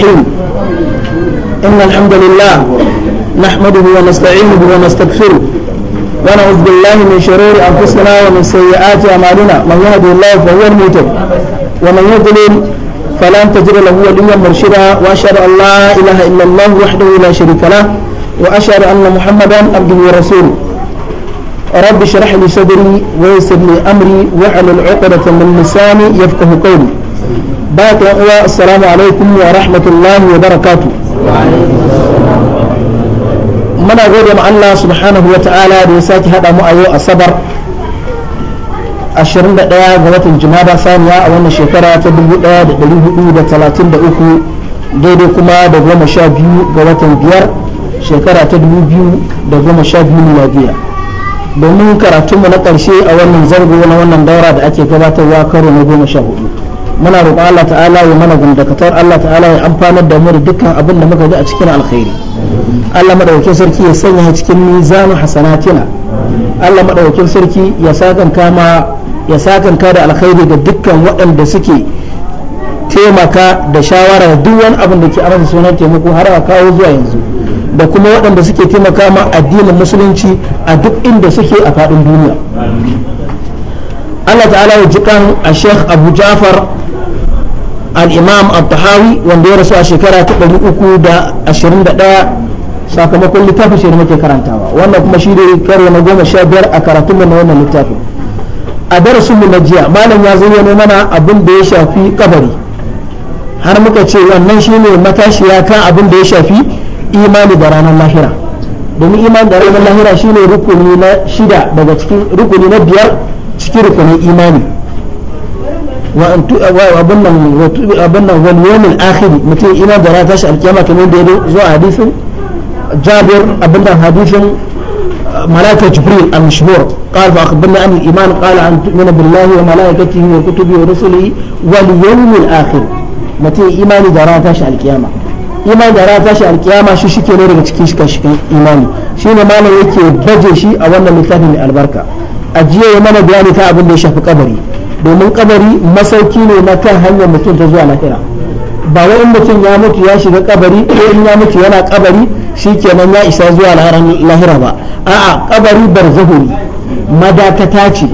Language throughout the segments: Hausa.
الرحيم إن الحمد لله نحمده ونستعينه ونستغفره ونعوذ بالله من شرور أنفسنا ومن سيئات أعمالنا من يهد الله فهو المهتد ومن يضلل فلن تجد له وليا مرشدا وأشهد أن لا إله إلا الله وحده لا شريك له وأشهد أن محمدا عبده ورسوله رب اشرح لي صدري ويسر لي أمري واحلل عقدة من لساني يفقه قولي باك يا السلام عليكم ورحمة الله وبركاته muna gode ma Allah subhanahu wa ta'ala da ya sake haɗa mu a yau asabar 21 ga watan jumada saniya a wannan shekara ta 1433 daidai kuma da goma biyu ga biyar shekara ta 2012 miladiya domin karatunmu na ƙarshe a wannan zargo na wannan daura da ake gabatarwa karo na muna roƙon Allah ta'ala ya mana gumdakatar Allah ta'ala ya amfanar da mu da dukkan abin da muka ji a cikin alkhairi Allah madaukakin sarki ya sanya cikin mizanin hasanatina Allah madaukakin sarki ya sakan kama ya sakan ka da alkhairi ga dukkan waɗanda suke taimaka da shawara da duk wani abin da ke amsa sunan taimako har a kawo zuwa yanzu da kuma waɗanda suke taimaka ma addinin musulunci a duk inda suke a faɗin duniya Allah ta'ala ya jikan a Sheikh Abu Ja'far al-imam al wanda ya rasu a shekara ta 321 sakamakon littafin shi muke karantawa wannan kuma shi ne karo na goma sha biyar a karatun mu na wannan littafin a darasin mu na jiya malam ya zayyana mana abin da ya shafi kabari har muka ce wannan shi ne matashiya kan abin da ya shafi imani da ranar lahira domin imani da ranar lahira shi ne rukuni na shida daga cikin rukuni na biyar cikin rukunin imani وأن وأبنا واليوم الآخر متى إمام دراتش القيامة كمان ديرو زو حديث جابر أبنا حديث ملائكة جبريل المشهور قال فأخبرنا عن الإيمان قال أن تؤمن بالله وملائكته وكتبه ورسله واليوم الآخر متى إيمان دراتش القيامة imani da rata shi alkiyama shi shike ne daga cikin shika-shikan imani shi ne malam yake baje shi a wannan littafin mai albarka ajiye mana bayani ta abin da ya shafi kabari domin kabari masauki ne na kan hanyar mutum ta zuwa lahira ba wai mutum ya mutu ya shiga kabari ko in ya mutu yana kabari shikenan ya isa zuwa lahira ba a'a kabari barzahu ne madakata ce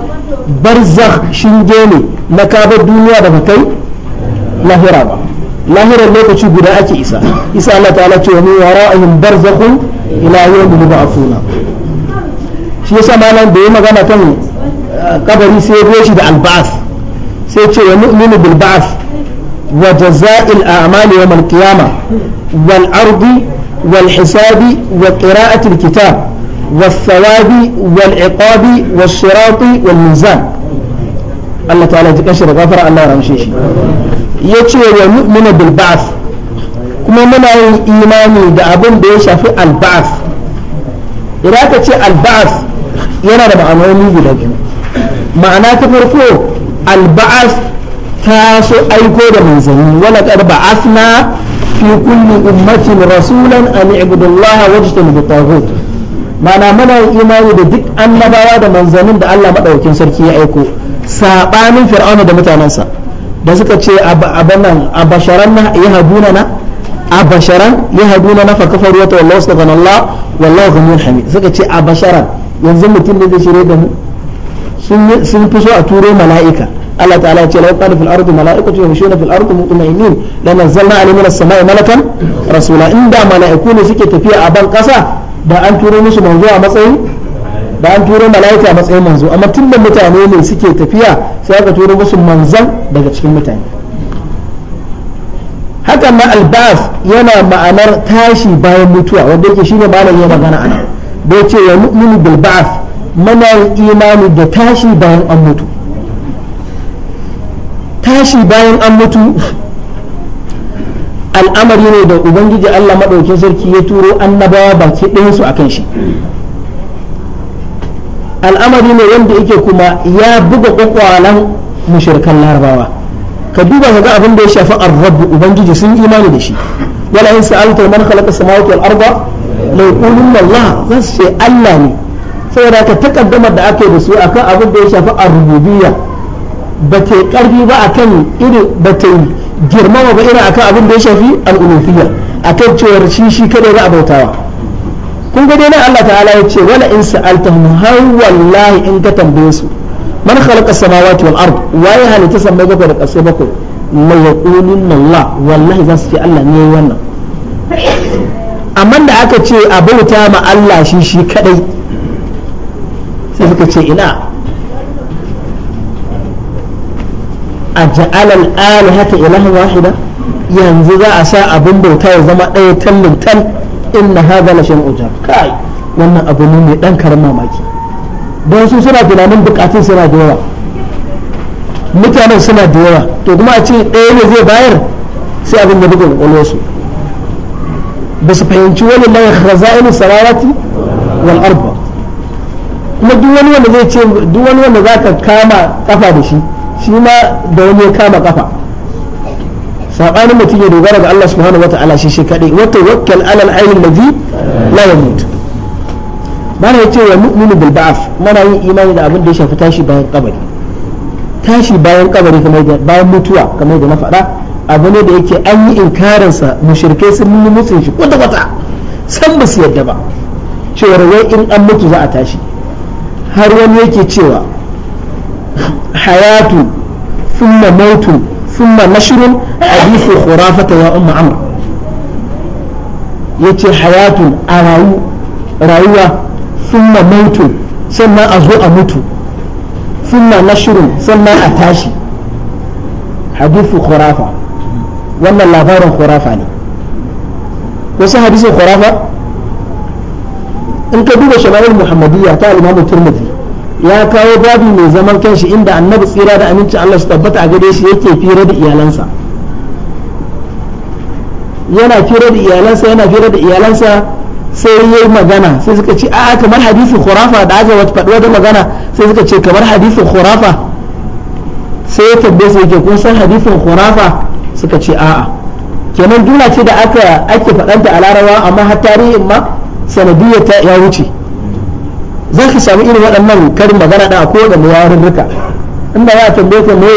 barzakh shinge ne na kabar duniya da kai lahira ba lahirar lokaci guda ake isa isa Allah ta'ala ce wa min wara'ihim barzakhun ila yawmil ba'thuna shi yasa malam da ya magana kan kabari sai ya shi da alba'as sai ce wa nu'minu bil ba'as wa jaza'il a'mali yawm al-qiyama wal ardi wal hisabi wa qira'ati al-kitab والثواب والعقاب والصراط والميزان الله تعالى ji kashi da gafara Allah ya ramshe shi ya ce wa mu'mina bil ba'th kuma muna yin imani da abin da ya shafi al ba'th idan ka ce al yana da ma'anoni guda biyu ma'ana ta farko alba'as ta so aiko da manzanni wala qad na fi kulli ummatin rasulan an i'budu Allah wajtanibu taghut ma'ana muna imani da duk annabawa da manzannin da Allah madaukakin sarki ya aiko sabanin fir'auna da mutanensa da suka ce abanan abasharan na yahduna na abasharan yahduna na fa kafaru wa tawallaw astaghfirullah wallahu ghaniyun hamid suka ce abasharan yanzu mutum ne da shirye da mu sun fi so a turo mala'ika Allah ta'ala ya ce lau qad fil ardi mala'ikatu yamshuna fil ardi mutma'innin la nazzalna alayhim minas sama'i malakan rasula inda mala'iku ne suke tafiya a ban kasa da an turo musu manzo a matsayin da an turo mala'ika a matsayin manzo amma tun da mutane ne suke tafiya sai aka turo musu manzan daga cikin mutane haka ma albas yana ma'anar tashi bayan mutuwa wanda yake shine malam ya magana ana da ya mu'minu bil ba'th muna yin imani da tashi bayan an mutu tashi bayan an mutu al'amari ne da ubangiji allah maɗaukin sarki ya turo annabawa baki ɗayansu a kan shi al'amari ne wanda yake kuma ya buga kwakwalan mushirkan larabawa ka duba ka ga abin da ya shafi arrabu ubangiji sun imani da shi wala in sa'alta man khalaqa samawati wal arda la yaqulunna allah zasu ce allah ne saboda ka takaddamar da ake da su akan abin da ya shafi a rububiya ba ta karfi ba a akan iri ba ta girmama ba irin akan abin da ya shafi al-uluhiyya akan cewar shi shi kadai za a bautawa kun ga dai Allah ta'ala ya ce wala in sa'altahum har wallahi in ka tambaye su man khalaqa samawati wal ard waye halitta sammai bakwai da kaso bakwai la yaqulun Allah wallahi za su ce Allah ne wannan amma da aka ce a bauta ma Allah shi shi kadai sai suka ce ina a ja'alal haka ilahan wahida yanzu za a sa abin bauta ya zama ɗaya tallin tal inna hadha la shan ujab kai wannan abu ne mai dan karin mamaki don su suna tunanin bukatun suna da yawa mutanen suna da yawa to kuma a ce ɗaya ne zai bayar sai abin ya bugun kwakwalwarsu ba su fahimci wani lai khaza'in sararati wal arba kuma duk wani wanda zai ce duk wani wanda za ka kama kafa da shi shi ma da wani ya kama kafa sabanin mutum ya dogara ga Allah subhanahu ta'ala shi shi kadai wa tawakkal ala al-ayn alladhi la yamut mana ce wa mu'minu bil ba'th mana yin imani da abin da ya shafi tashi bayan kabari tashi bayan kabari kamar da bayan mutuwa kamar da na faɗa abu ne da yake an yi inkarin sa mushrikai sun yi mutsin shi kwata kwata san ba su yadda ba cewa wai in an mutu za a tashi har wani yake cewa hayatu thumma mautu thumma nashrun hadithu khurafata ya umma amr yace hayatun arayu rayuwa thumma mautu sannan a zo a mutu thumma nashrun sannan a tashi hadithu khurafa wannan labarin khurafa ne wasu hadisin khurafa in ka duba shama'il muhammadiyya ta al-imamu tirmidhi ya kawo babu mai zaman kanshi inda annabi tsira da aminci Allah su tabbata a gare shi yake fira da iyalansa yana fira da iyalansa yana fira da iyalansa sai ya yi magana sai suka ce a kamar hadisin khurafa da aka wata faɗi wata magana sai suka ce kamar hadisin khurafa sai ya tabbe su yake kun san hadisin khurafa suka ce a'a kenan juna ce da aka ake faɗanta a larabawa amma har tarihin ma sanadiyyar ya wuce za ki sami irin waɗannan karin magana da ko da muwarin rika. inda ya tambaye ka me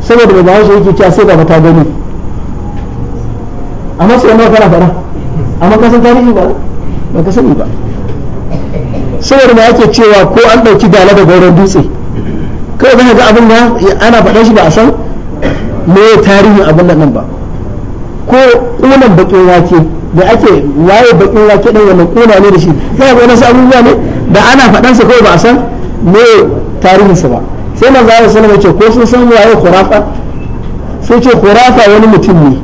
saboda mai bahaushe yake cewa sai ba ta gani amma sai ma kana fara amma ka san tarihi ba ba ka sani ba saboda ma yake cewa ko an ɗauki dala da gauran dutse kawai zaka ga abin da ana faɗa shi ba a san me tarihin abin nan ba ko ƙunan baƙin wake da ake waye baƙin wake ɗin wannan kuna ne da shi za a ga wani abubuwa ne da ana faɗan sa kawai ba a san me tarihin sa ba sai manzo Allah sallallahu alaihi ko sun san waye khurafa sai ce khurafa wani mutum ne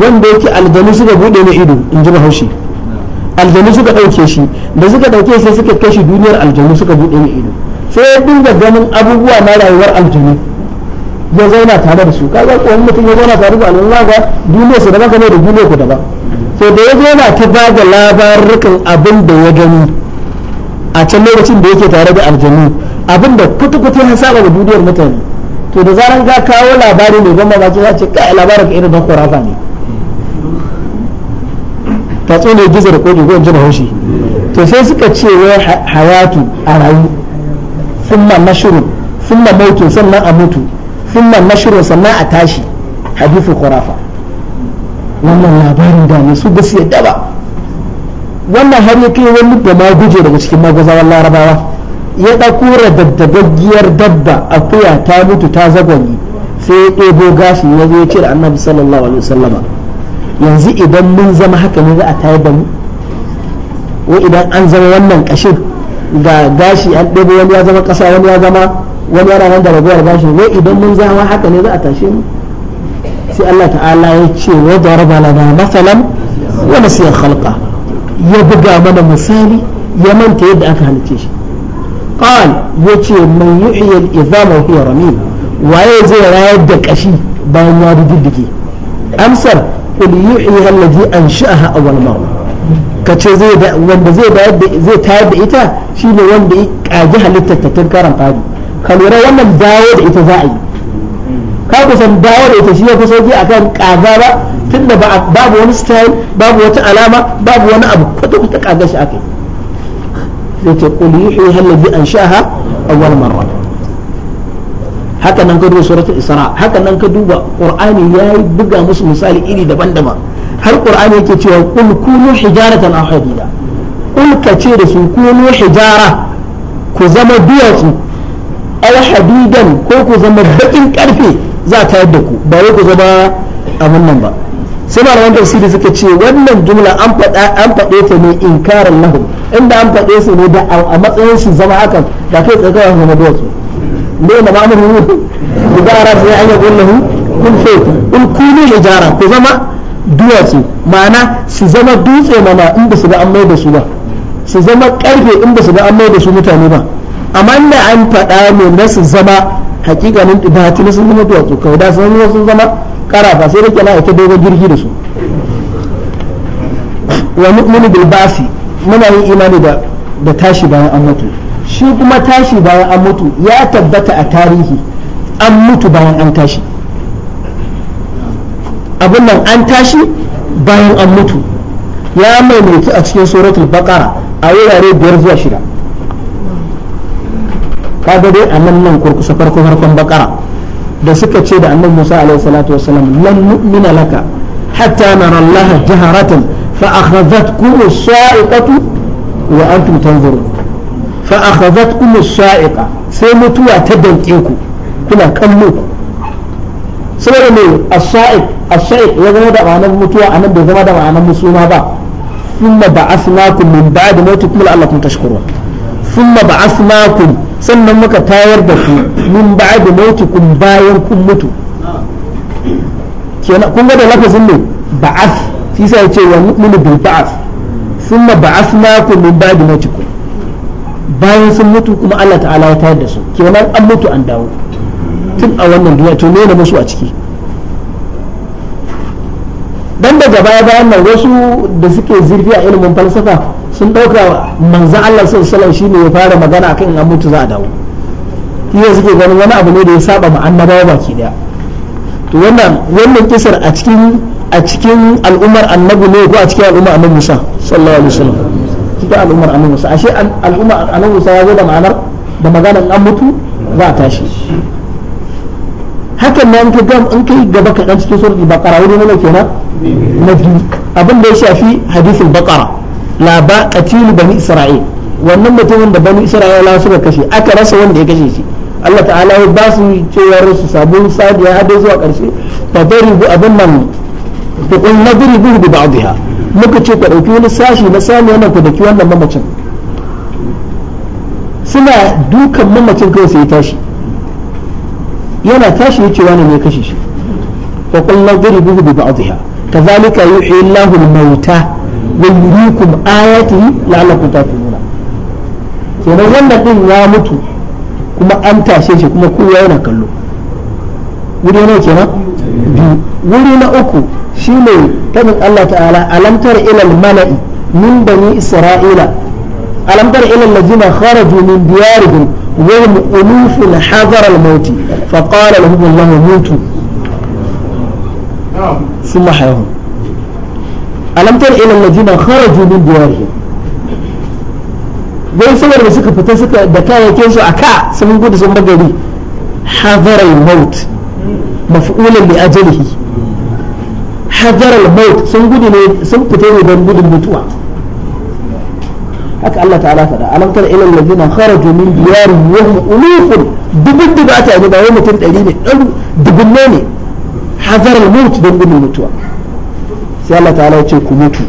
wanda yake aljanu suka bude mai ido in ji Bahaushe aljanu suka dauke shi da suka dauke sai suka kashi duniyar aljanu suka bude mai ido sai ya dinga ganin abubuwa na rayuwar aljanu ya zauna tare da su kaga wani mutum ya zauna tare da Allah ga duniyar sa daban ne da duniyar ku daban sai da ya zauna ta ba da labarukan abin da ya gani a can lokacin da yake tare da aljanu abinda kwata-kwata ya saba da duniyar mutane to da zaran ka kawo labari mai gama baki za ce kai labarin ka irin don kurafa ne ta tsone gizo da kodi ko jin haushi to sai suka ce wai hayatu a rayu thumma sun thumma mautu sannan a mutu thumma mashrun sannan a tashi hadithu kwarafa wannan labarin da ne su ba su yadda ba wannan har ya kai wani da ma guje daga cikin magazawan larabawa ya ɗauko radaddabaggiyar dabba akuya ta mutu ta zagwani sai ya ɗebo gashi ya zo ya cire da annabi sallallahu alaihi wasallama yanzu idan mun zama haka ne za a tayar da mu ko idan an zama wannan kashin ga gashi an ɗebo wani ya zama ƙasa wani ya zama wani yana nan da ragowar gashi ko idan mun zama haka ne za a tashe mu sai Allah ta'ala ya ce wa daraba lana masalan wa nasiya khalqa ya buga mana misali ya manta yadda aka halice shi qal yace man yuhyi al-izama wa huwa waye zai rayar da kashi bayan ya diddige amsar qul yuhyi allazi ansha'aha awwal marra kace zai wanda zai bayar da zai tayar da ita shine wanda ya kaji halittar ta tun fadi ka lura wannan dawo da ita za a yi ka kusan dawo da ita shi ya fi sauki akan kaza ba tunda babu wani style babu wata alama babu wani abu kwata kwata kaga shi akai sai ce qul yuhi alladhi a awwal marra haka nan ka duba suratul isra haka nan ka duba qur'ani ya yi buga musu misali iri daban-daban har qur'ani yake cewa qul kunu hijaratan aw hadida qul ka ce da su kunu hijara ku zama duwatsu aw hadidan ko ku zama bakin karfe za a tayar da ku ba wai ku zama abin nan ba sai malaman da suka ce wannan jumla an faɗa an faɗe ta ne inkarin lahum inda an faɗe su ne da a matsayin su zama hakan ba kai tsakawa zama duwatsu ne da ma'amuru ku ga arab sai an yi kullahu kun fe in kunu ne jara ku zama duwatsu ma'ana su zama dutse mana in ba su ga an mai da su ba su zama karfe in ba su ga an mai da su mutane ba amma da an faɗa ne na su zama hakikanin ba tuni sun zama duwatsu kawai da sun zama sun zama karafa sai da na ita dogon jirgi da su wa mu'minu bil muna yin imani da da tashi bayan an mutu shi kuma tashi bayan an mutu ya tabbata a tarihi an mutu bayan an tashi abin nan an tashi bayan an mutu ya maimaitu a cikin suratul baqara a wurare biyar zuwa shida kaga dai a nan nan kurkusa farko farkon bakara da suka ce da annabi Musa alaihi salatu wasallam lan nu'mina laka hatta nara Allah jaharatan fa akhadhatkum as-sa'iqatu wa antum tanzurun fa akhadhatkum as-sa'iqa sai mutuwa ta danke ku kuna kallo saboda me as-sa'iq as-sa'iq ya zama da ma'anar mutuwa anan bai zama da ma'anar musuma ba thumma ba'athnakum min ba'di mautikum la'allakum tashkurun thumma ba'athnakum sannan muka tayar da ku da mauti kun bayan kun mutu kenan kun ga da lafazin ne ba'as shi sai ce wa mu'minu bil ba'ath thumma ba da mauti kun bayan sun mutu kuma Allah ta'ala ya tayar da su kenan an mutu an dawo tun a wannan duniya to ne musu a ciki dan daga baya bayan nan wasu da suke zirfi a ilimin falsafa sun dauka manza Allah sallallahu alaihi shine ya fara magana akan in an mutu za a dawo iya suke ganin wani abu ne da ya saba ma annabawa baki daya to wannan wannan kisar a cikin a cikin al'ummar annabi ne ko a cikin al'ummar annabi Musa sallallahu alaihi wasallam cikin al'ummar annabi Musa ashe al'ummar annabi Musa ya zo da ma'anar da maganar an mutu za a tashi hakan na ka gam in kai gaba kaɗan cikin suratul baqara wani mana kenan na biyu abin da ya shafi hadisin baqara la ba qatilu bani isra'il wannan mutumin da bani isra'ila suka kashe aka rasa wanda ya kashe shi Allah ta'ala ya ba su cewar su sabu sadiya har zuwa karshe ta daribu abin nan ta kun nadribu bi ba'dha muka ce ka dauki wani sashi na sami wannan ku daki wannan mamacin suna dukan mamacin kawai sai ya tashi yana tashi yace wani ne kashe shi fa qul la duribuhu bi ba'dihha kadhalika yuhyi Allahu al-mauta wa yuriikum ayatihi la'allakum taqiluna kenan wanda din ya mutu kuma an tashe shi kuma kowa yana kallo wuri ne kenan biyu wuri na uku shine tabin Allah ta'ala alamtar ilal mala'i min bani isra'ila alamtar ilal ladina kharaju min diyarihim وهم ألوف حذر الموت فقال لهم الله موتوا ثم حيهم ألم تر إلى الذين خرجوا من ديارهم وين سمر بسيك فتسك دكا يتنسوا أكا سمنقود سمبقلي حذر الموت مفعولا لأجله حذر الموت سنقول سنقول سنقول سنقول haka Allah ta'ala faɗa alam tara ilal ladina kharaju min diyarihim wa hum ulufun dubun ta ne ba wai mutum ɗari ne ɗan dubunne ne hazar al-maut don gudun mutuwa sai Allah ta'ala ya ce ku mutu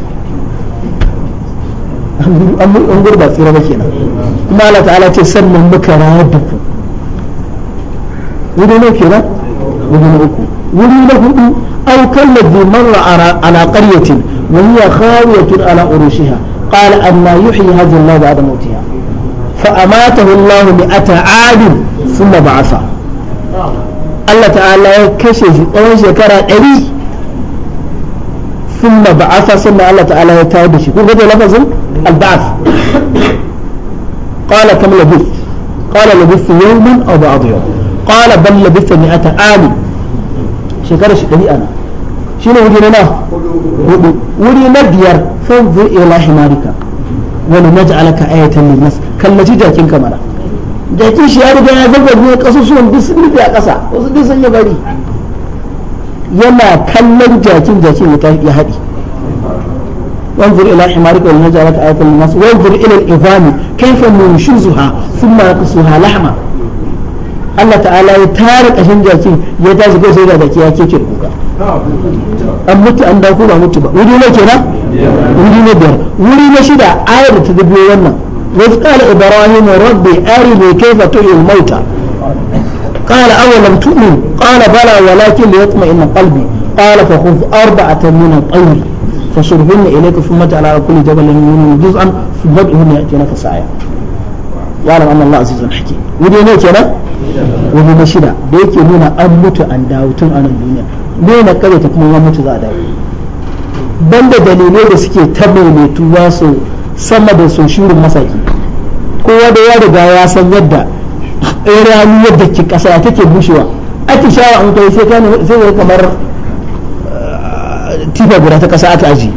an gurba tsira ba kenan kuma Allah ta'ala ce sannan muka rayar da ku wuri ne kenan wuri na uku wuri na hudu aw kallazi marra ala qaryatin wa hiya khawiyatun ala urushiha قال أما يحيي هذه الله بعد موتها فأماته الله مئة عام ثم بعثه الله تعالى كشف أوجه كرا أري ثم بعث ثم الله تعالى تابش يقول هذا لفظ البعث قال كم لبث قال لبث يوما أو بعض يوم قال بل لبث مئة عام شكرا شكري أنا شنو وجدناه hudu wuri na biyar fanzu ila himarika wani maj'alaka ayatan linnas kallaci jakin kamara jakin shi ya riga ya zaga ruwan kasa suwan duk sun rufe a kasa wasu duk sun yi bari yana kallon jakin jakin ya tafi ya haɗi wanzur ila himarika wani maj'alaka ayatan linnas wanzur ila ibami kaifa shi zuha sun ma kasu lahma Allah ta'ala ya tara kashin jakin ya tashi ko sai da jaki ya ke kirkuka an mutu an dauko ba mutu shida ayar ari ne kai fa tuhi bala walakin da ya shida da yake nuna an mutu anan duniya nuna kare ta kuma ya mutu za a dawo ban da dalilai da suke ta maimaituwa su sama da su shirin masaki kowa da ya riga ya san yadda rani yadda ke kasa take bushewa ake shawa an kai sai kan sai kamar eh, tifa guda ta kasa aka aji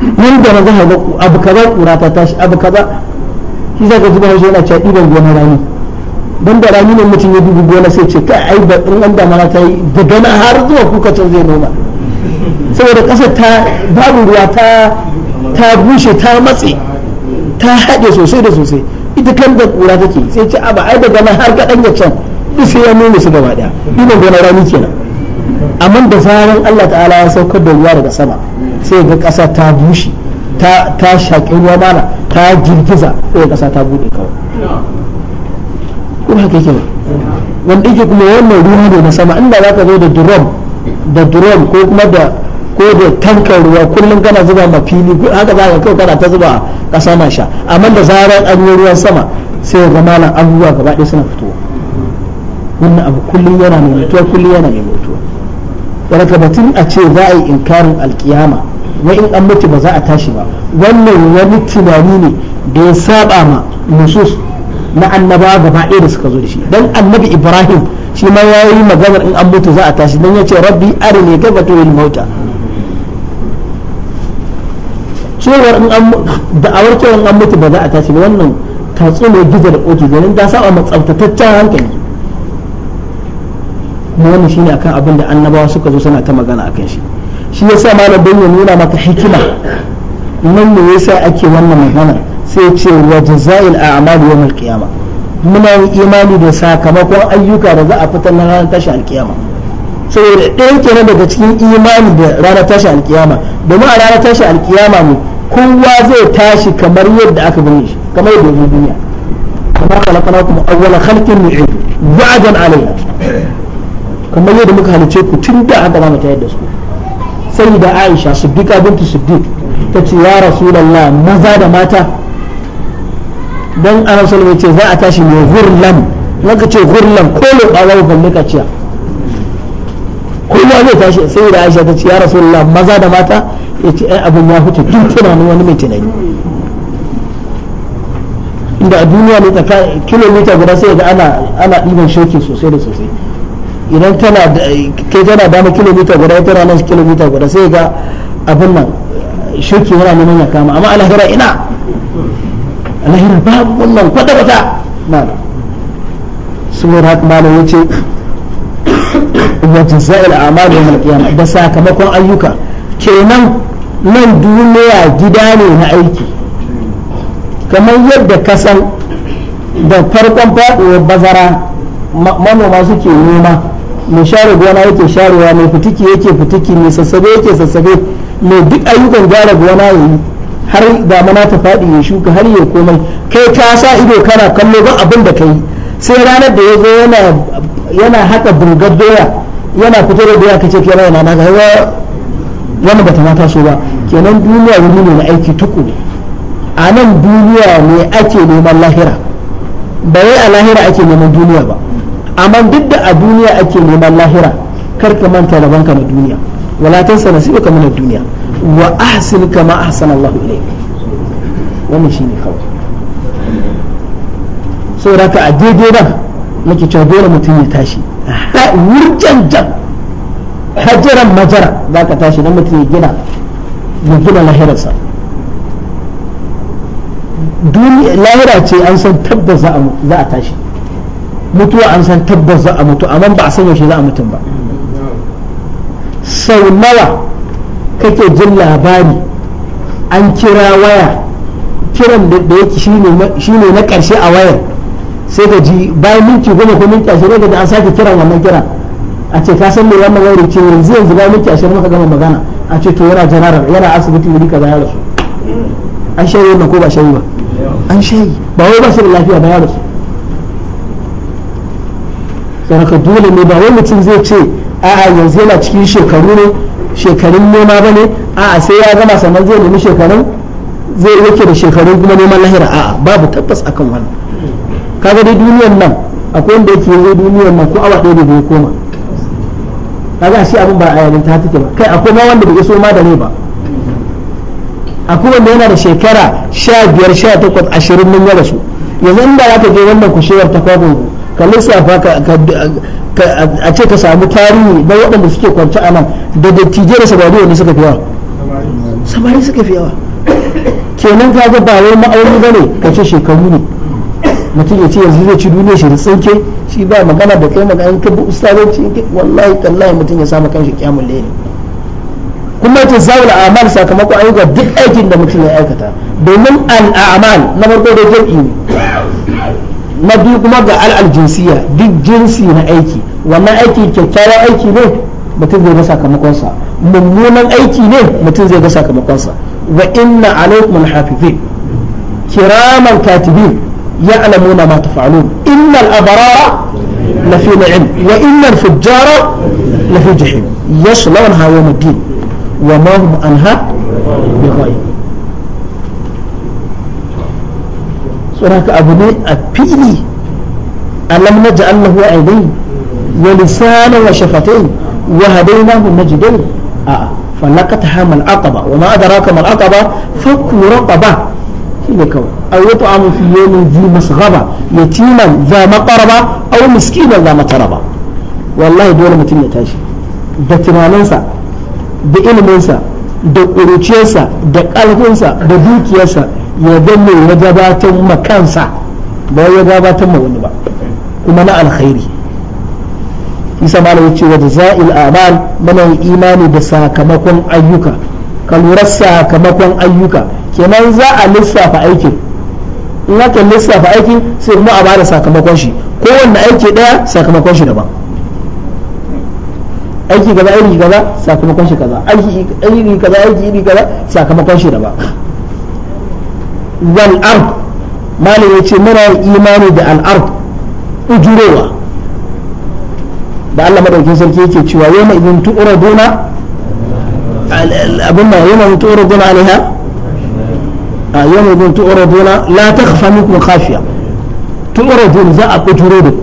nan da na zaka abu kaza kura ta tashi abu kaza shi zaka ji ba shi yana cewa ɗiban gona rani ban da rani ne mutum ya dubu gona sai ce kai ai in an damana ta yi daga na har zuwa kuka can zai noma saboda ƙasa ta babu ruwa ta ta bushe ta matse ta haɗe sosai da sosai ita kan da ƙura take sai ce a ai daga na har kaɗan ya can duk sai ya nome su gaba ɗaya ina gona rani kenan amma da zaran Allah ta'ala ya saukar da ruwa daga sama sai ga ƙasa ta bushe ta shaƙi ruwa mana ta girgiza sai ƙasa ta buɗe kawai ko haka yake wanda yake kuma wannan ruwa ne na sama inda za ka zo da drum da drum ko kuma da ko da tankar ruwa kullum kana zuba ma fili haka za ka kai kana ta zuba kasa na sha amma da zarar an yi ruwan sama sai ga malam abubuwa gaba ɗaya suna fitowa wannan abu kullum yana mai mutuwa kullum yana mai mutuwa daga batun a ce za a yi inkarin alkiyama wa in an mutu ba za a tashi ba wannan wani tunani ne da ya saba ma nusus na annaba gaba ɗaya da suka zo da shi dan annabi ibrahim shi ma ya yi maganar in an mutu za a tashi dan ya ce rabbi arini to yin mauta cewar in an da'awar in an mutu ba za a tashi wannan tatsuniyar gizo da oji ganin ta saba matsabtataccen hankali kuma wannan shine akan abin da annabawa suka zo suna ta magana akan shi shi yasa malam bayyana ya nuna maka hikima nan ne yasa ake wannan magana sai ce wa jazail a'malu yawm al-qiyama muna yin imani da sakamakon ayyuka da za a fitar na ranar tashin alkiyama saboda ɗaya kenan daga cikin imani da ranar tashin alkiyama domin a ranar tashin alkiyama ne kowa zai tashi kamar yadda aka gani shi kamar yadda ya duniya kuma khalaqnakum awwala khalqin nu'id wa'dan alayna kamar yadda muka halice ku tun da aka zama ta yadda su sai da Aisha Siddiqa bintu Siddiq ta ce ya Rasulullah maza da mata don ana salama ce za a tashi mai gurlan maka ce gurlan ko lokawa ba balle ka ciya kowa zai tashi sai da aisha ta ce ya rasulullah maza da mata ya ce ai abin ya fita duk tunanin wani mai tunani inda a duniya ne tsaka kilomita guda sai ga ana ana ɗiban shoki sosai da sosai idan tana kai tana dama kilomita guda ya tana nan kilomita guda sai ga abin nan shoki yana neman ya kama amma alhara ina lahira babu wannan kwata-kwata mana saboda haka malam ya ce wa a'mal yawm al da sakamakon ayyuka kenan nan duniya gida ne na aiki kamar yadda ka san da farkon faɗuwar bazara manoma suke noma mai share gona yake sharewa mai fitiki yake fitiki mai sassabe yake sassabe mai duk ayyukan gyara gona yayi har da mana ta faɗi ya shuka har ya komai kai ta sa ido kana kallo ban abin da kai sai ranar da ya zo yana haka burgar doya yana fito da doya kace kira yana na ga wani bata mata so ba kenan duniya wuri ne na aiki tuku a nan duniya ne ake neman lahira ba wai a lahira ake neman duniya ba amma duk da a duniya ake neman lahira kar ka manta da banka na duniya wala tansa nasibuka min ad-dunya wa ahsin kama ahsana Allah ilaik wannan shine kawai So saboda ka a ba nan nake cewa dole mutum ya tashi wurjan jan hajaran majara za ka tashi don mutum ya gina ya gina lahirarsa lahira ce an san tabbas za a tashi mutuwa an san tabbas za a mutu amma ba a san yaushe za a mutum ba sau nawa kake jin labari an kira waya kiran da yake shine na karshe a wayar sai ka ji bayan minti goma ko minti ashirin da an sake kiran wannan kira a ce ka san me wannan wayar ce yanzu yanzu bayan minti ashirin maka gama magana a ce to yana janarar yana asibiti wuri kaza ya rasu an shayi wannan ko ba shayi ba an shayi ba wai ba shi da lafiya ba ya rasu saraka dole ne ba wai mutum zai ce a'a yanzu yana cikin shekaru ne shekarun noma ba ne a'a sai ya gama sannan zai nemi shekarun zai yake da shekarun kuma neman lahira a'a babu tabbas akan wannan kaga dai duniyar nan akwai wanda yake zai duniyar nan ko awa ɗaya da bai koma kaga shi abin ba a yayin ta take ba kai akwai ma wanda bai so ma da ne ba akwai wanda yana da shekara sha biyar sha takwas ashirin mun ya rasu yanzu inda za ka je wannan kushewar ta kwabo ka lissafa a ce ka samu tarihi na waɗanda suke kwanci a nan da dattijai da samari wani suka fi yawa samari suka fi yawa kenan ka ga bawai wai ma'auni ba ne ka ce shekaru ne mutum ya ce yanzu zai ci duniya shi tsinke shi ba magana da kai magana ka bu ustazanci wallahi tallahi mutum ya samu kanshi kyamun layi kuma ta zaula amal sakamakon ayyuka duk aikin da mutum ya aikata domin al'amal na farko da jam'i ne na biyu kuma ga al'aljinsiya duk jinsi na aiki wannan aiki kyakkyawan aiki ne mutum zai ga sakamakonsa mummunan aiki ne mutum zai ga sakamakonsa wa inna alaikum hafifin kiraman katibin ya'lamuna ma taf'alun innal abrara fi na'im wa innal fujjara lafi jahim yaslawnaha hawa ad-din wa ma hum anha bighayb سورات أبو نيل أبيلي ألم نجعل له عينين ولسان وشفتين وهديناه النجدين آه فلقت هام العقبة وما أدراك ما العقبة فك رقبة أو يطعم في يوم ذي مسغبة يتيما ذا مقربة أو مسكينا ذا متربة والله دول ما تنيا تاشي ذا تنانسا ذا إلمنسا ذا أروتيسا ذا ألفنسا ذا ذيكيسا ya danne ya gabatar ma kansa ba ya gabatar ma wani ba kuma na alkhairi isa malam yace wa jazail a'mal muna imani da sakamakon ayyuka ka lura sakamakon ayyuka kenan za a lissafa aikin in aka lissafa aikin sai kuma a bada sakamakon shi kowanne aiki daya sakamakon shi daban aiki kaza aiki kaza sakamakon shi kaza aiki kaza aiki kaza sakamakon shi daban wal ard malam yace muna imani da al ard ujurowa da Allah madaukin sarki yake cewa yawma idin tu'raduna abinda yawma tu'raduna alaiha a yawma idin tu'raduna la takhfa minkum khafiya tu'radun za a kuturo da ku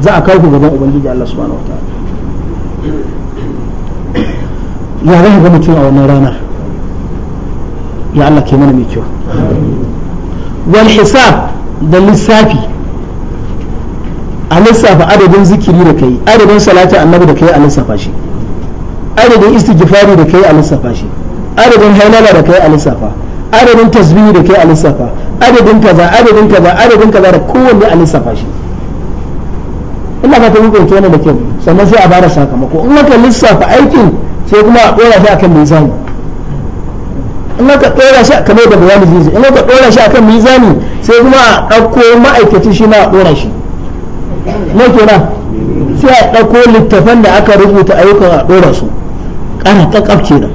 za a kawo ku gaban ubangiji Allah subhanahu wataala ya zai ga mutum a wannan ranar ya Allah ke mana mai kyau wal hisab da lissafi a lissafa adadin zikiri da kai adadin salatu annabi da kai a lissafa shi adadin istighfari da kai a lissafa shi adadin hailala da kai a lissafa adadin tasbihi da kai a lissafa adadin kaza adadin kaza adadin kaza da kowanne a lissafa shi ina fata mun fahimci wannan da kyau sannan sai a bara sakamako in aka lissafa aikin sai kuma a dora shi akan mizani in aka ɗora shi kamar da bayani zai in aka ɗora shi akan mizani sai kuma a ɗauko ma'aikaci shi ma a ɗora shi na kenan sai a ɗauko littafan da aka rubuta ayyukan a ɗora su ƙara ƙaƙaf ce da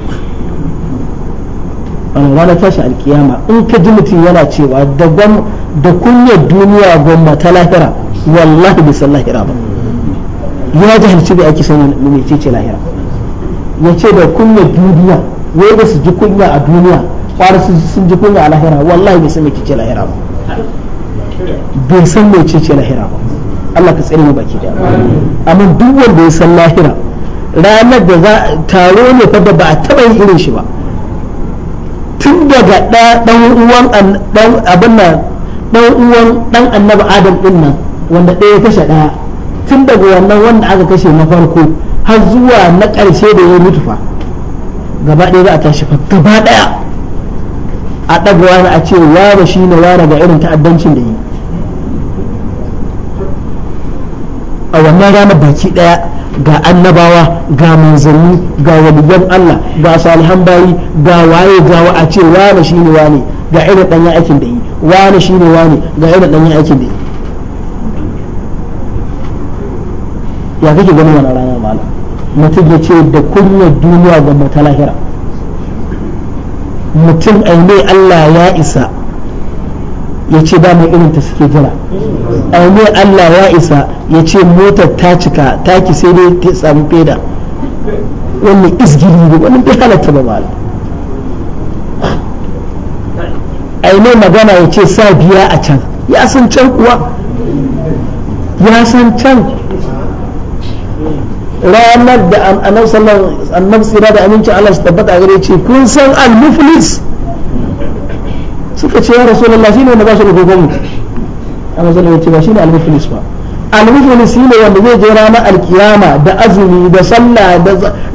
ranar tashi alkiyama in ka ji mutum yana cewa da kunyar duniya gwamma ta lahira wallahi bisan lahira ba ya jahilci bai ake sani mai ce lahira ya ce da kunya duniya wai ba su ji kunya a duniya kwara sun ji kunya a lahira wallahi bai san me ce lahira ba bai san me ce lahira ba Allah ka tsare mu baki da amma duk wanda ya san lahira ranar da za taro ne fa da ba a taba yin irin shi ba tun daga dan uwan dan abin nan dan uwan dan annabi adam din nan wanda ɗaya kashe ɗaya tun daga wannan wanda aka kashe na farko har zuwa na ƙarshe da ya mutu fa gaba ɗaya za a tashi fa gaba ɗaya a ɗaga wani a ce ware shi ne ware ga irin ta'addancin da yi a wannan rana baki ɗaya ga annabawa ga manzanni ga waliyan Allah ga salihan bayi ga waye gawa a ce wane shi ne wane ga irin ɗanyen aikin da yi wane shi ne wane ga irin ɗanyen aikin da yi ya kake ganin wani ranar malam mutum ya ce da kunyar duniya ga ta lahira mutum aine Allah ya isa ya ce ba mai irin ta suke jira aine Allah ya isa ya ce motar ta cika ta ki sai dai ta samu feda wannan isgiri ne wannan bai halatta ba mala aine magana ya ce sa biya a can ya san can kuwa ya san can ranar da annabi sira da amincin Allah su tabbata gare ce kun san al-muflis suka ce ya shi ne wanda ba shi da gogon a matsalar ya ce ba ne al-muflis ba al-muflis ne wanda zai je ranar alkiyama da azumi da sallah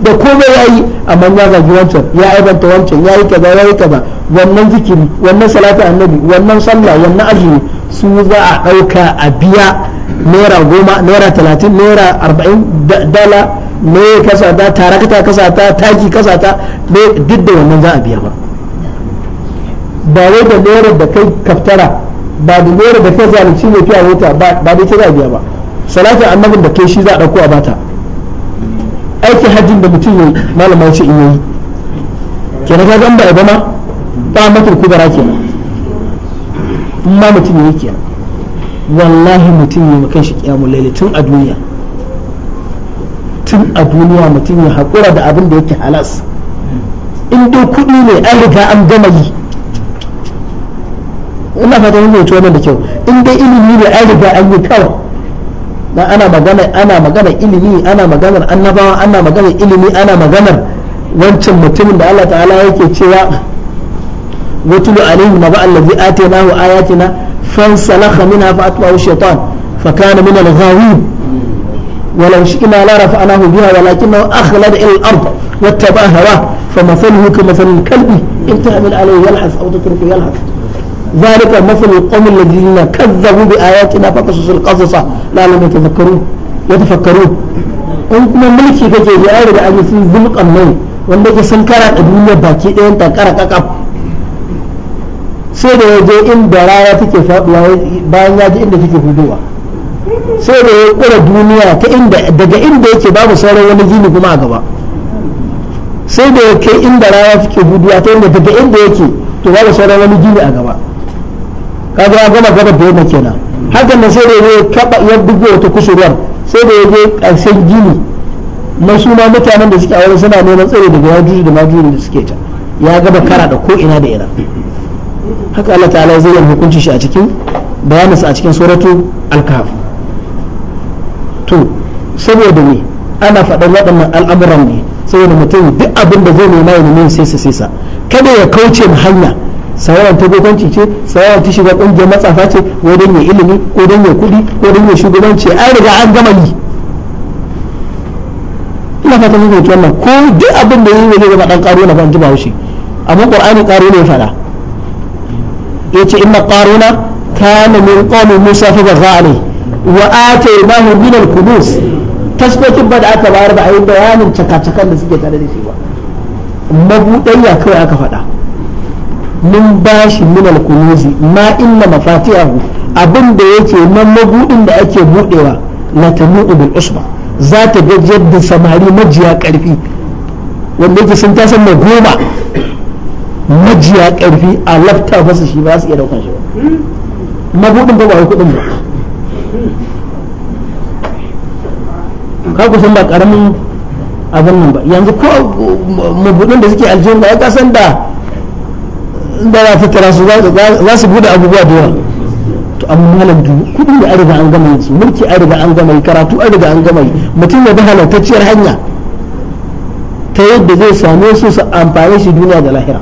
da komai yayi amma ya zagi wancan ya aibanta wancan ya yi kaza ya yi kaza wannan zikiri wannan salatu annabi wannan sallah wannan azumi su za a dauka a biya naira goma naira talatin naira arba'in dala kasa kasata tarakta kasata taki kasata duk da wannan za a biya ba ba wai da naira da kai kaftara ba da naira da kai zalunci mai fiya wuta ba da ita za a biya ba salatin annabin da kai shi za a ɗauko a bata aikin hajjin da mutum ya malamai ce in yayi kenan ka gan ba ya gama ta matar kubara kenan in ma mutum ya yi kenan wallahi mutum ya makan shi kiyamun laili tun a duniya tun a duniya mutum ya haƙura da abin da yake halas in dai kuɗi ne an riga an gama yi ina fata yin fahimci wannan da kyau in dai ilimi ne an riga an yi kawai na ana magana ana magana ilimi ana magana annabawa ana magana ilimi ana magana wancan mutumin da Allah ta'ala yake cewa watulu alaihim naba allazi atainahu ayatina فانسلخ منها فأتبعه الشيطان فكان من الغاوين ولو شئنا لرفعناه بها ولكنه أخلد إلى الأرض واتبع هواه فمثله كمثل الكلب إن تحمل عليه يلحث أو تتركه يلحث ذلك مثل القوم الذين كذبوا بآياتنا فقصص القصص لعلهم يتذكرون يتفكرون in kuma mulki kake ya riga an yi sun zulƙan mai wanda ke sun kara da duniya baki ɗayan ta kara kakaf sai da ya je inda rana take faduwa bayan ya je inda take hudowa sai da ya kura duniya ta inda daga inda yake babu sauran wani gini kuma a gaba sai da ya kai inda rana take hudowa ta inda daga inda yake to babu sauran wani gini a gaba kaga ya gama gaba da yana kenan hakan da sai da ya kaba ya bugo wata kusurwar sai da ya je karshen gini na suna mutanen da suke a wani suna neman tsare daga yajuju da majuju da suke ta ya gaba kara da ko ina da ina haka Allah ta'ala zai yin hukunci shi a cikin bayaninsa a cikin suratu al-kahf to saboda ne ana faɗar waɗannan al'amuran ne saboda mutum duk abin da zai nema ya nemi sai sai sa kada ya kauce mu hanya sayan ta gogonci ce sayawan ta shiga ƙungiyar matsafa ce ko don ya ilimi ko don ya kuɗi ko don ya shugabanci ai riga an gama yi ina fata mun fahimci wannan ko duk abin da yi ne zai zama ɗan ƙaro na ban ji bahaushe amma ƙur'ani ƙaro ne ya faɗa yace inna qaruna kana min qawmi musa fa baza ne wa atainahu min al-kunuz tasbatin ba da aka bayar ba a yi bayanin cakacakan da suke tare da shi ba mabudayya kawai aka faɗa mun bashi min al ma inna mafatihahu abin da yake nan mabuɗin da ake buɗewa la tamu'u bil usba za ta ga yadda samari majiya karfi wanda yake sun tasan mai goma majiya karfi a lafta fasa shi ba su iya daukan shi ba mabudin ba ba kudin ba ka san ba karamin abin nan ba yanzu ko mabudin da suke aljihun ba ya kasan da da za ta kira su za su bude abubuwa da yawa to amma malam du kudin da an an gama yanzu mulki an an gama karatu an an gama mutum ya bi halattacciyar hanya ta yadda zai same su su amfani shi duniya da lahira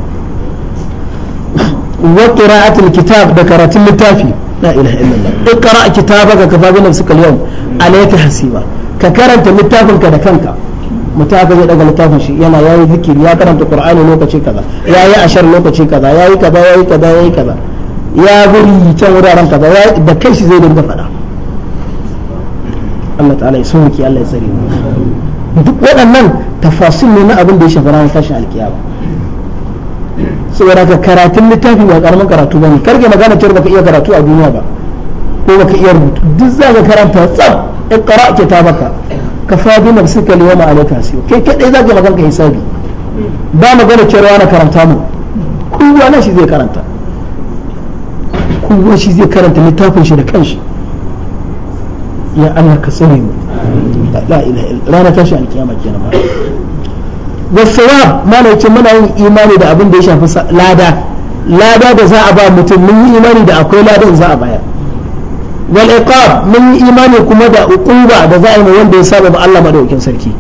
wa qira'atul kitab da karatun littafi la ilaha illallah iqra kitabaka kafa bi nafsika al-yawm alayka hasiba ka karanta littafinka da kanka mutaka zai daga littafin shi yana yayi zikiri ya karanta qur'ani lokaci kaza yayi ashar lokaci kaza yayi kaza yayi kaza yayi kaza ya guri can wuraren kaza da kai shi zai dinga faɗa duk waɗannan tafasun ne na abin da ya shafi ranar tashin alkiyama saboda ka karatun littafi ba karamin karatu ba ne karge magana cewa baka iya karatu a duniya ba ko baka iya rubutu duk za ka karanta tsab ta baka ka fadi liwa liyawma alayka su kai kadai za ka magana ka hisabi ba magana cewa na karanta mu kowa na shi zai karanta kowa shi zai karanta littafin shi da kanshi ya Allah ka sani mu la ilaha illallah rana tashi alkiyama kenan ba wasawab malaici muna yin imani da abin da ya shafi lada lada da za a ba mutum mun yi imani da akwai ladan za a bayar wal iqab mun yi imani kuma da uquba da za a yi wanda ya saba ba Allah madaukakin sarki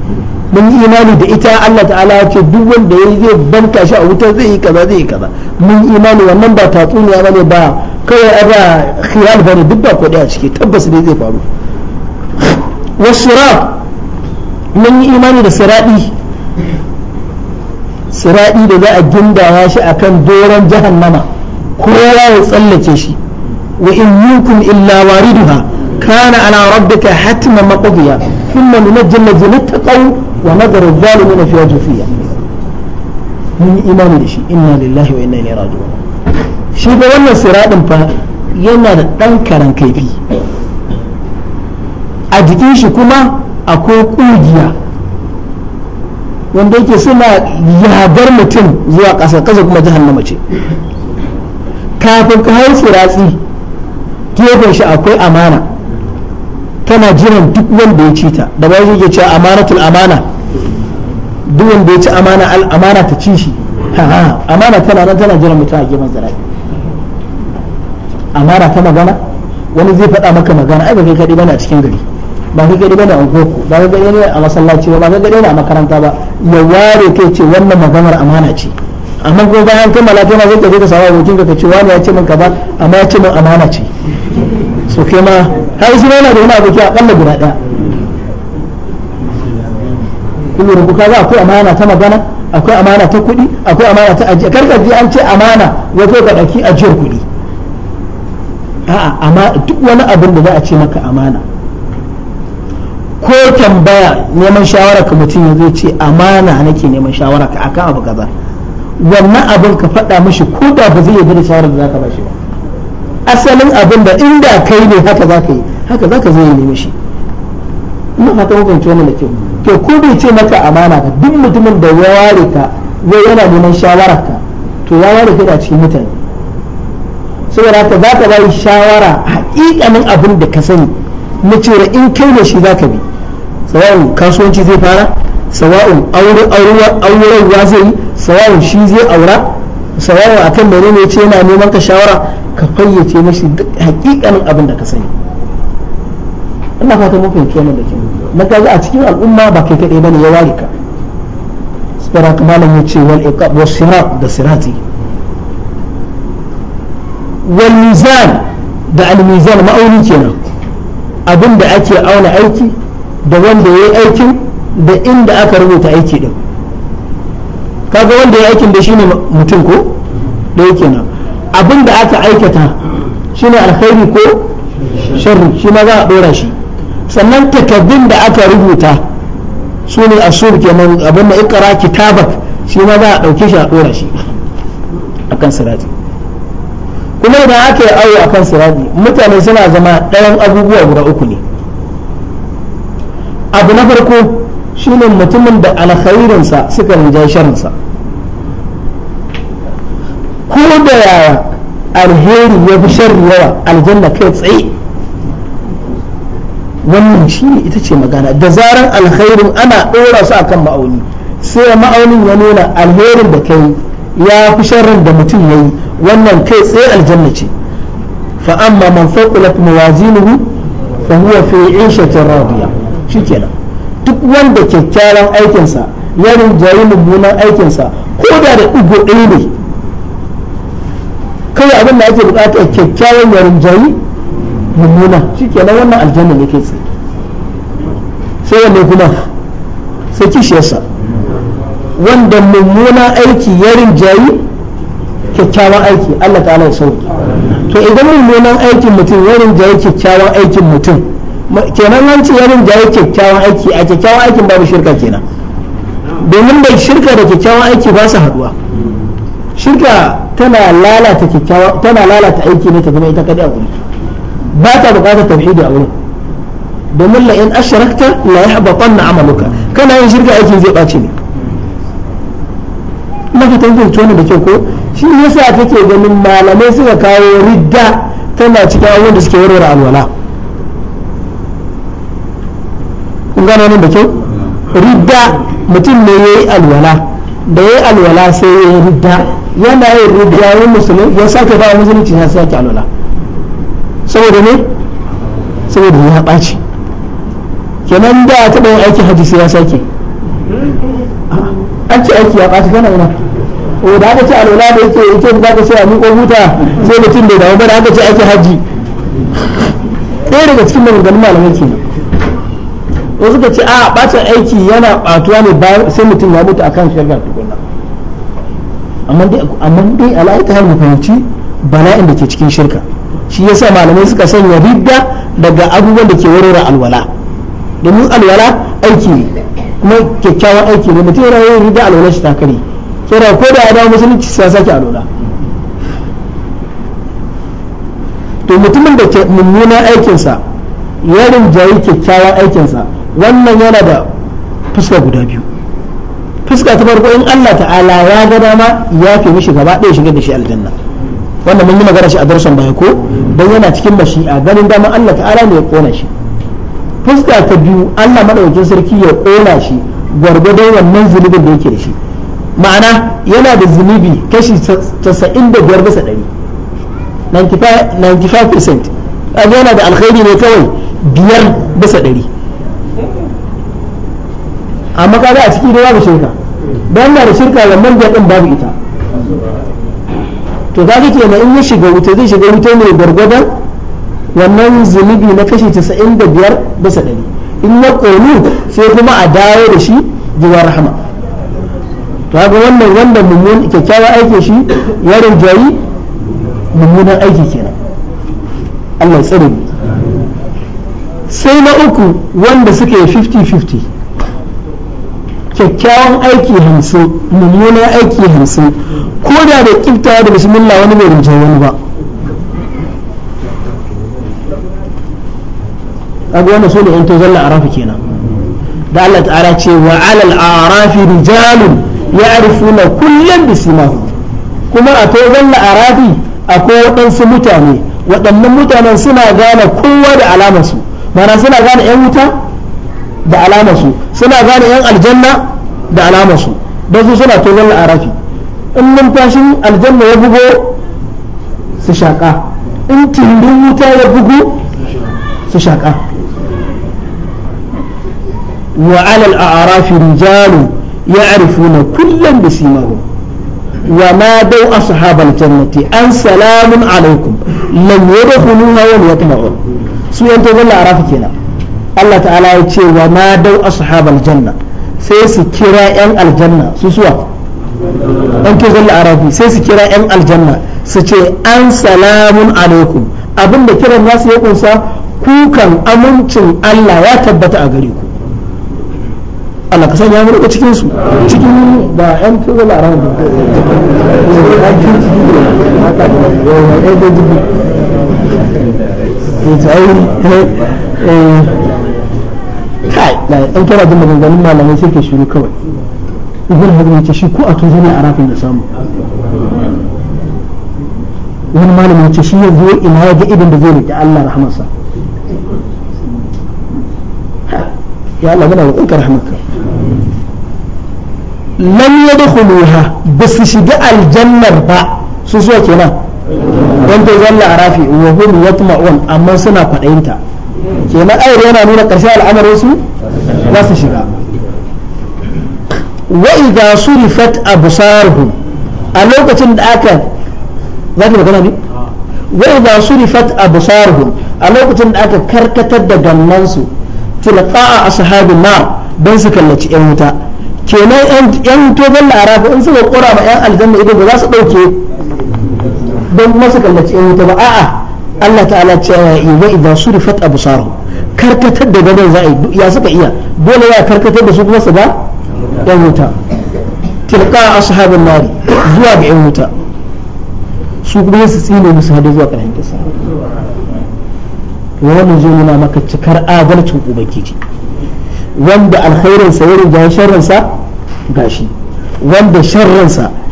mun yi imani da ita Allah ta'ala ya ce duk wanda ya zai banka shi a wuta zai yi kaza zai yi kaza mun yi imani wannan ba tatsuniya bane ba kawai an ba ne bane duk ba kodai a ciki tabbas ne zai faru wasirab mun yi imani da siradi siraɗi da za a gindaya shi kan doron jahannama kowa ya tsallake shi wa in minkum illa wariduha kana ala rabbika hatman maqdiya thumma nunajji allazina taqaw wa nadharu adh-dhalimina fiha jufiya mun imani da shi inna lillahi wa inna ilaihi raji'un shi ga wannan siraɗin fa yana da ɗan karan kaifi a jikin shi kuma akwai ƙugiya wanda yake suna yabar mutum zuwa ƙasa ƙasa kuma jahannama ce kafin ka hau tsiratsi gefen shi akwai amana tana jiran duk wanda ya ci ta da ba zai ce amanatul amana duk wanda ya ci amana al amana ta ci shi amana tana nan tana jiran mutum a gefen tsiratsi amana ta magana wani zai faɗa maka magana ai ba kai kaɗi bane a cikin gari ba kai kaɗai bane a unguwarku ba kai kaɗai ne a masallaci ba ba kai kaɗai ne a makaranta ba ya ware kai ce wannan maganar amana ce amma ko bayan kammala kai ma zai kaje ka samu abokin ka ce wani ya ce min kaza amma ya ce min amana ce so kai ma har shi yana da wani aboki a kalla guda daya kullu rubu kaza akwai amana ta magana akwai amana ta kuɗi akwai amana ta ajiya karka ji an ce amana wato ka daki ajiyar kuɗi a'a amma duk wani abin da za a ce maka amana ko tambaya neman shawara ka mutum yanzu ce amana nake neman shawara ka akan abu kaza wannan abin ka faɗa mishi ko da ba zai yarda da shawarar da zaka ba shi ba asalin abin da inda kai ne haka zaka yi haka zaka zo yi neman shi ina fata ko fahimci wannan da kyau to ko bai ce maka amana ka duk mutumin da ya ware ka ko yana neman shawara ka to ya ware ka da cikin mutane saboda haka ka ba shawara hakikanin abin da ka sani na cewa in kai ne shi za ka bi sawa'un kasuwanci zai fara sawa'un ya zai yi sawa'un shi zai aura sawa'un akan mene ne ce yana neman ka shawara ka fayyace mashi hakikanin abin da ka sani ina fata mun fahimci wannan da kyau na kaga a cikin al'umma ba kai kaɗai bane ya ware ka sura kamala ya ce wal iqab sirat da sirati wal mizan da al mizan ma'auni kenan abin da ake auna aiki da wanda ya yi aikin da inda aka rubuta aiki din kaga wanda ya yi aikin da shine mutum ko da yake nan abin da aka aikata shine alkhairi ko sharri shi ma za a dora shi sannan takardun da aka rubuta su ne asur kenan abin da ikara kitabak shi ma za a dauke shi a dora shi akan sirati kuma idan aka yi awo akan sirati mutane suna zama ɗayan abubuwa guda uku ne abu na farko shine mutumin da alkhairinsa suka rinjaye sharinsa ko da yaya alheri ya fi sharri yawa aljanna kai tsaye wannan shine ita ce magana da zarar alkhairin ana ɗora su akan ma'auni sai ma'aunin ya nuna alherin da kai ya fi sharrin da mutum ya yi wannan kai tsaye aljanna ce fa amma man faqulat mawazinuhu fa huwa fi 'ishatin radiya shikenan duk wanda kyakkyawan aikinsa ya rinjayi mummunan aikinsa ko da da ɗigo ɗaya ne kawai abin da ake buƙatar kyakkyawan ya rinjayi mummuna shikenan wannan aljanna ne ke tsaye sai wanne kuma sai kishiyarsa wanda mummunan aiki ya rinjayi kyakkyawan aiki Allah ta'ala ya sauki to idan mummunan aikin mutum ya rinjayi kyakkyawan aikin mutum kenan an ce yarin jaye kyakkyawan aiki a kyakkyawan aikin babu shirka kenan domin bai shirka da kyakkyawan aiki ba su haduwa shirka tana lalata kyakkyawan tana lalata aiki ne ta zama ita kadai a wuri ba ta bukatar tauhidi a wurin domin la in ashrakta la yahbatanna amaluka kana yin shirka aikin zai bace ne maka tantance tona da kyau ko shi sa take ganin malamai suka kawo ridda tana cikin abubuwan da suke warware alwala kun gano nan da kyau ridda mutum ne ya yi alwala da ya yi alwala sai ya yi ridda yana yi ridda ya musulun ya sake ba musulunci ya sake alwala saboda ne saboda ya ɓaci kenan da ta taɓa yin aiki hajji sai ya sake aiki aiki ya ɓaci gana ina o da aka ce alwala da yake yake da aka ce a miƙo huta sai mutum bai dawo ba da aka ce aiki hajji ɗaya daga cikin maganganun malamai kenan wasu ka ce a bacin aiki yana batuwa ne sai mutum ya mutu akan shirka tukuna amma dai ala'ita har mu fahimci bala'in da ke cikin shirka shi yasa malamai suka sanya ridda daga abubuwan da ke warware alwala domin alwala aiki ne kuma kyakkyawan aiki ne mutum yana yin ridda alwala shi ta kare saboda ko da ya dawo musulunci sai sake alwala to mutumin da ke mummunan aikinsa ya rinjayi kyakkyawan aikinsa wannan yana da fuska guda biyu fuska ta farko in Allah ta'ala ya ga dama ya fi mishi gaba ɗaya shiga da shi aljanna wannan mun yi magana shi a darsan baya ko dan yana cikin mashi'a ganin dama Allah ta'ala ne ya kona shi fuska ta biyu Allah madaukakin sarki ya kona shi gwargwadon wannan zunubin da yake da shi ma'ana yana da zunubi kashi 95 bisa 100 95% yana da alkhairi ne kawai biyar bisa ɗari amma kaga a ciki da babu shirka na da shirka da manja din babu ita to kaga kenan in ya shiga wuta zai shiga wuta ne gwargwadon wannan zunubi na kashi 95 bisa 100 in ya konu sai kuma a dawo da shi zuwa rahama to kaga wannan wanda mummun kyakkyawa aiki shi ya rinjayi mummunan aiki kenan Allah ya tsare sai na uku wanda suke 50-50 kyakkyawan aiki hamsin mummunan aiki hamsin ko da da kiftawa da bismillah wani bai rinje wani ba kaga wannan sune in to zalla arafu kenan da Allah ta'ala ce wa alal arafi rijalun ya'rifuna kullan bisimahum kuma a to zalla arafi akwai waɗansu mutane waɗannan mutanen suna gane kowa da alamarsu mana suna gane 'yan wuta da alamar su suna gane yan aljanna da alamar su don su suna tozon la'arafi in numfashin aljanna ya bugo su shaƙa in tindin wuta ya bugo su shaƙa wa alal a'arafi rijalu ya'rifuna kullan bisimahum wa ma dau ashabal jannati an salamun alaikum lam yadkhuluha wa yatma'un su yan tozon la'arafi kenan Allah ta'ala ya ce wa ma dau ashabal janna sai su kira yan aljanna su suwa dan ke zalla arabi sai su kira yan aljanna su ce an salamun alaikum abinda kiran nasu ya kunsa kukan amincin Allah ya tabbata a gare ku Allah ka sanya mu cikin su cikin ba yan ke zalla ran ba eh, kai da dan kira da maganganun malamai sai ke shiru kawai ibn hazm yace shi ko a tuzo ne a rafin da samu wani malamin yace shi yanzu ina ya ga idan da zai rike Allah rahmansa ya Allah muna roƙon rahmanka lam yadkhuluha basu shiga aljannar ba su so kenan dan ta zalla arafi wa hum yatma'un amma suna fadayinta kenan ayar yana nuna ƙarshen al'amarin su za su shiga wa'iza surifat absaruhum a lokacin da aka za ki magana ne wa'iza surifat absaruhum a lokacin da aka karkatar da gannansu tilqa'a ashabin nar dan su kallaci yan wuta kenan yan tobar larabu in suka kora ma yan aljanna ido ba za su dauke don kuma su kallaci yan wuta ba a'a Allah ta'ala cewa wa idza surifat absaruhum karkatar da gadon za a yi ya suka iya dole ya karkatar da su kuma su ba yan wuta tilka ashabin nari zuwa ga yan wuta su kuma su tsine musu hada zuwa ƙarshen kisa wannan zo nuna maka cikar adalcin ubangiji wanda yarin ya sharran sa gashi wanda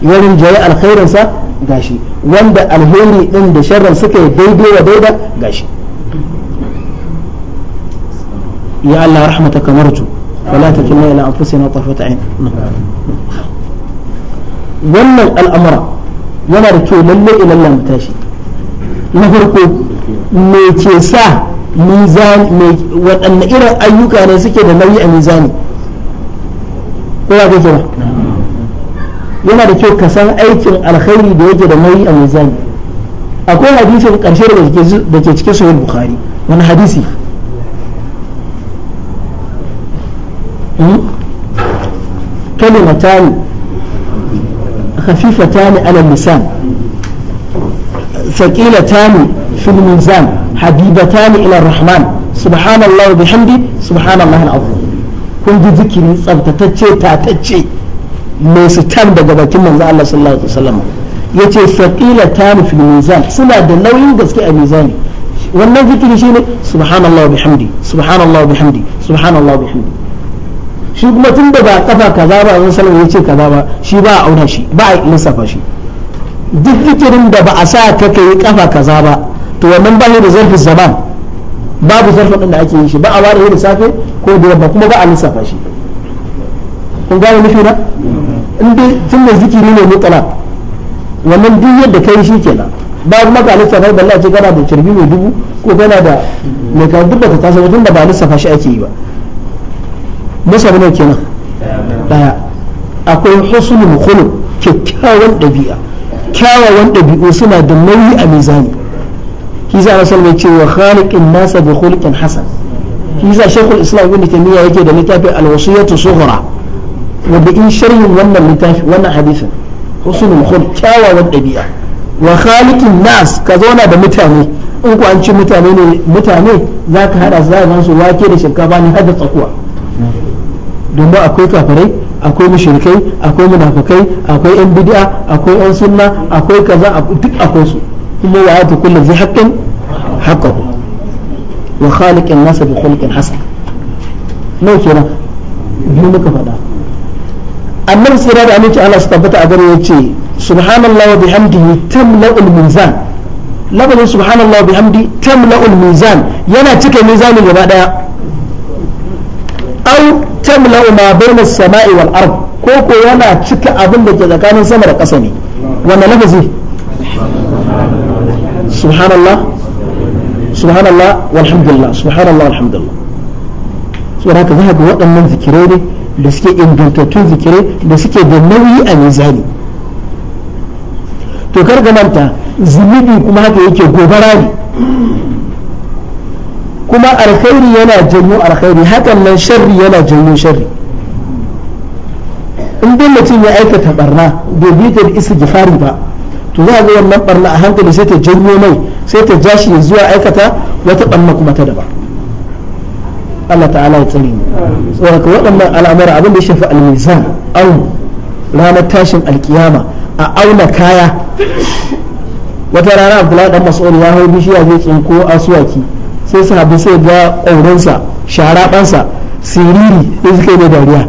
yarin ya alkhairin sa gashi wanda alheri din da sharrin suka yi daidai wa daida gashi ya Allah rahmataka marju wala takilna ila anfusina tarfata ayn wannan al'amura yana da kyau lalle lallan mu tashi na farko me ke sa mizani waɗanne irin ayyuka ne suke da nauyi a mizani kuma ya kake yana da kyau ka san aikin alkhairi da yake da nauyi a mizani akwai hadisin ƙarshe da ke cikin sahih bukhari wani hadisi كلمتان خفيفتان على اللسان ثقيلتان في الميزان حبيبتان إلى الرحمن سبحان الله وبحمده سبحان الله العظيم كل ذكري صبت تتشي تتشي ما يستان بقبا كما الله صلى الله عليه وسلم يتشي ثقيلتان في الميزان سنة دلو ينقص كأي ميزاني والنذكر شيء سبحان الله وبحمده سبحان الله وبحمده سبحان الله وبحمده shi kuma tun da ba kafa kaza ba a salama ya ce kaza ba shi ba a auna shi ba a lissafa shi duk ikirin da ba a sa ka yi kafa kaza ba to wannan ba da zarfi zaman babu zarfin da ake yi shi ba a ware da safe ko da yamma kuma ba a lissafa shi kun gane nufi na in dai tun da zikiri ne mutala wannan duk yadda kai shi kenan babu maka lissafa balla ce kana da kirbi mai dubu ko kana da mai ka duk da ta tasa wajen da ba lissafa shi ake yi ba masar ne kenan daya akwai husnul khuluq kyakkyawan dabi'a kyawawan dabi'u suna da nauyi a mizani kisa na salmai cewa khaliqin nasa bi khuluqin hasan kisa shaykhul islam ibn taymiya yake da littafin al-wasiyatu sughra wanda in sharhin wannan littafi wannan hadisin husnul khuluq kyawawan dabi'a wa khaliqin nas ka zauna da mutane in ku an ci mutane ne mutane zaka hada su zaka su wake da shinkafa ne har da tsakuwa domin akwai kafirai akwai mushrikai akwai munafikai akwai yan bid'a akwai yan sunna akwai kaza duk akwai su kuma wa atu kullu zai haqqin haqqahu wa khaliqin nas bi khuluqin hasan nau kenan biyu muka faɗa annabi sirra da aminci Allah su tabbata a gare yace subhanallahi wa bihamdihi tamla'ul mizan lafazin subhanallahi wa bihamdi tamla'ul mizan yana cika mizanin gaba daya tamla'u ma bayna as-sama'i wal ard ko ko yana cika abin da ke tsakanin sama da ƙasa ne wannan lafazi subhanallah subhanallah walhamdulillah subhanallah walhamdulillah so haka za ga waɗannan zikirai ne da suke ingantattun zikirai da suke da nauyi a mizani to kar manta zunubi kuma haka yake gobara ne kuma alkhairi yana janyo alkhairi hakan nan sharri yana janyo sharri in dai mutum ya aikata barna bai bi ta gifari ba to za a ga wannan barna a hankali sai ta janyo mai sai ta ja shi zuwa aikata wata barna kuma ta daban Allah ta'ala ya tsare mu saboda waɗannan al'amura abin da ya shafi al-mizan au ranar tashin alkiyama a auna kaya wata rana Abdullahi dan Mas'ud ya hau bishiya zai tsinko asuwaki sai sahabi sai ga ƙaurinsa sharaɓansa siriri sai suka yi dariya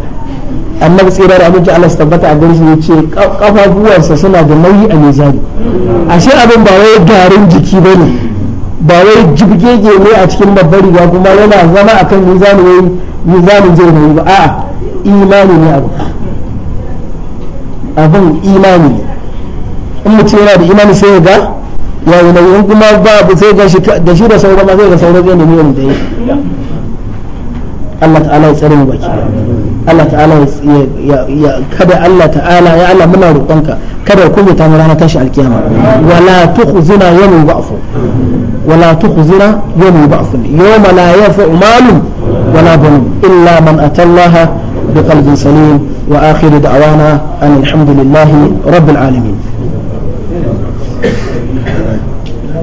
amma da tsirar abinci Allah su tabbata a gari ya ce kafafuwansa suna da nauyi a mizani ashe abin ba wai garin jiki ba ne ba wai jibgege ne a cikin babbar riga kuma yana zama akan mizani wai zai nauyi ba a'a imani ne abu abin imani ne in mutum yana da imani sai ya ga yayi na in kuma babu sai ga shi da shi da sauran ma sai ga sauran zai nemi wani dai Allah ta'ala ya tsare mu baki Allah ta'ala ya kada Allah ta'ala ya Allah muna roƙonka kada ku mu tamu ranar tashi alkiyama wala tukhzina yawm ba'fu wala tukhzina yawm ba'fu yawma la yaf'u malun wala banun illa man atallaha biqalbin salim wa akhiru da'wana an alhamdulillahi rabbil alamin